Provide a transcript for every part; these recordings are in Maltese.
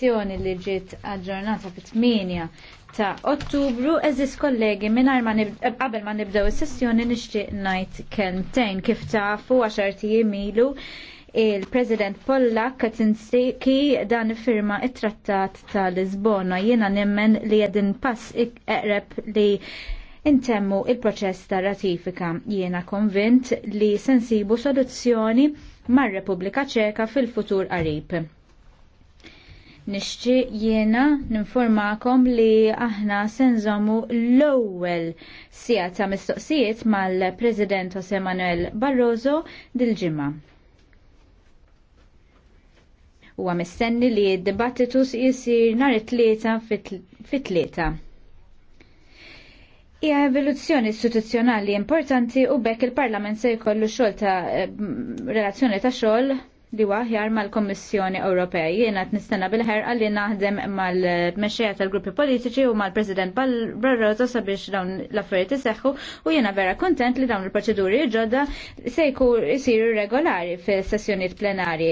elezzjoni li ġiet aġġornata fit-8 ta' Ottubru, eżis kollegi mingħajr ma qabel ma nibdew is-sessjoni nixtieq ngħid kelmtejn kif tafu għaxarti milu il-President Pollak Katinski dan firma it-trattat ta' Lisbona jiena nemmen li jedin pass eqreb li intemmu il-proċess ta' ratifika. Jiena konvint li sensibu soluzzjoni mar-Repubblika Ċeka fil-futur qarib nixċi jiena ninformakom li aħna senżomu l-ewwel sija ta' mistoqsijiet mal-President Jose Manuel Barroso dil-ġimgħa. Huwa mistenni li d-dibattitu jisir nhar it-tlieta fit-tlieta. Hija evoluzzjoni istituzzjonali importanti u bekk il-Parlament se jkollu xogħol ta' eh, relazzjoni ta' xogħol li waħjar mal-Kommissjoni Ewropea. Jiena qed nistenna bil-ħerqa li naħdem mal-mexxejja tal-gruppi politiċi u mal-President Barroso sabiex dawn l-affarijiet iseħħu u jiena vera kontent li dawn il-proċeduri ġodda se jkun isiru regolari fis sessjonijiet plenarji.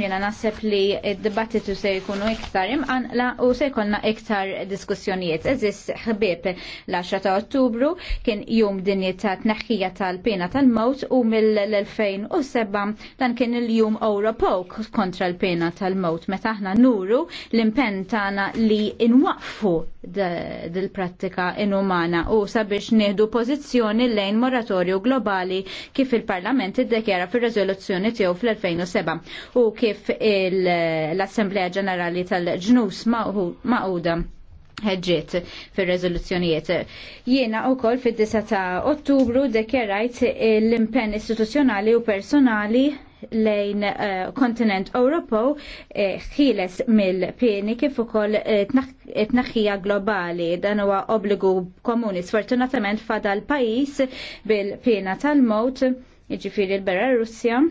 Jena naħseb li id-dibattitu se jkunu iktar la u se jkollna iktar diskussjonijiet. Eżis ħbib l-10 ta' Ottubru kien jum dinji ta' tneħħija tal-pena tal mawt u mill-2007 dan kien il-jum Europok kontra l-pena tal mawt meta aħna nuru l-impenn tagħna li inwaqfu dil-prattika inumana u sabiex nieħdu pożizzjoni lejn moratorju globali kif il-Parlament iddekjara fir-reżoluzzjoni tiegħu fl-2007 kif l-Assemblea Ġenerali tal-ġnus maquda ħedġiet fil-rezoluzzjonijiet. Jiena u koll fil-9 ta' ottubru dekjerajt l-impenn istituzjonali u personali lejn eh, kontinent Ewropew eh, ħieles mill-pieni kif ukoll eh, tnaħħija globali dan huwa obbligu komuni sfortunatament fadal pajjiż bil-pena tal-mowt jiġifieri l-Bera Russja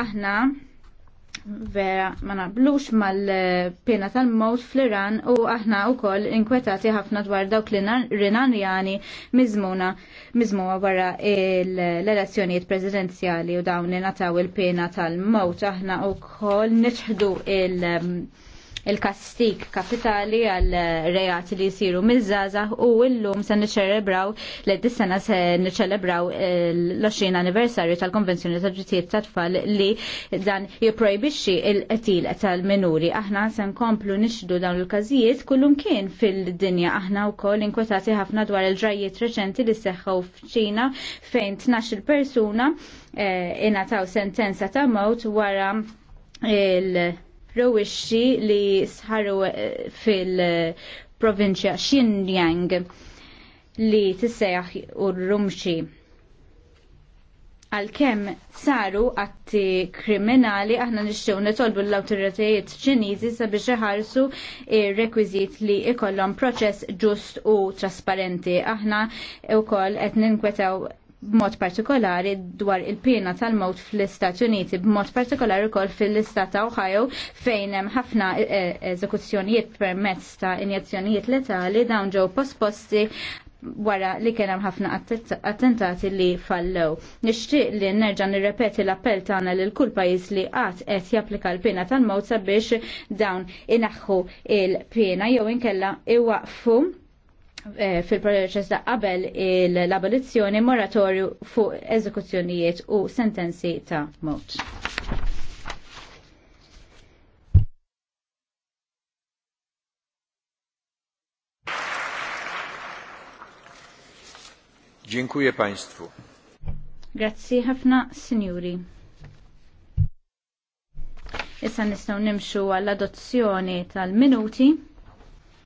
Aħna vera ma nablux mal-pena tal-mot fl-Iran u aħna u koll inkwetati ħafna dwar dawk li rinanjani mizmuna mizmuna wara l-elezzjonijiet prezidenziali u dawn li nataw il-pena tal-mot aħna u koll nitħdu il- il-kastik kapitali għal rejat li jisiru mizzaza u illum se niċċelebraw l sena se niċċelebraw eh, l-20 anniversarju tal-Konvenzjoni ta' ġitiet ta' tfal li dan jiprojbixxi il-qtil tal-minuri. Aħna se nkomplu nixdu dawn il-każijiet kullum kien fil-dinja aħna wkoll inkwetati ħafna dwar il-ġrajiet reċenti li seħħu f'Ċina fejn 12 persuna eh, ingħataw sentenza ta' mewt wara il- rowishi li sħaru eh, fil-provinċja Xinjiang li tissejjaħ ur-rumxi għalkemm saru atti kriminali aħna nixxew netolbu l-awtoritajiet ċiniżi sabiex iħarsu ir-rekwiżit li ikollhom proċess ġust u trasparenti. Aħna wkoll qed ninkwetaw b'mod partikolari dwar il-pena tal mod fl-Istati Uniti, b'mod partikolari kol fil-Istat ta' Ohio fejn hemm ħafna eh, eżekuzzjonijiet permezz ta' injezzjonijiet letali dawn ġew posposti wara li kien hemm ħafna attentati li fallew. Nixtieq li nerġa' nirrepeti l-appell tagħna lil kull pajjiż li qatt qed japplika l-pena tal-mewt sabiex dawn inaħħu il-pena jew inkella iwaqfu Eh, fil-proċess da' qabel l-abolizzjoni moratorju fuq eżekuzzjonijiet u sentenzi ta' mot. Dziękuję Państwu. Grazzi ħafna, Signori. Issa nistgħu nimxu għall-adozzjoni tal-minuti.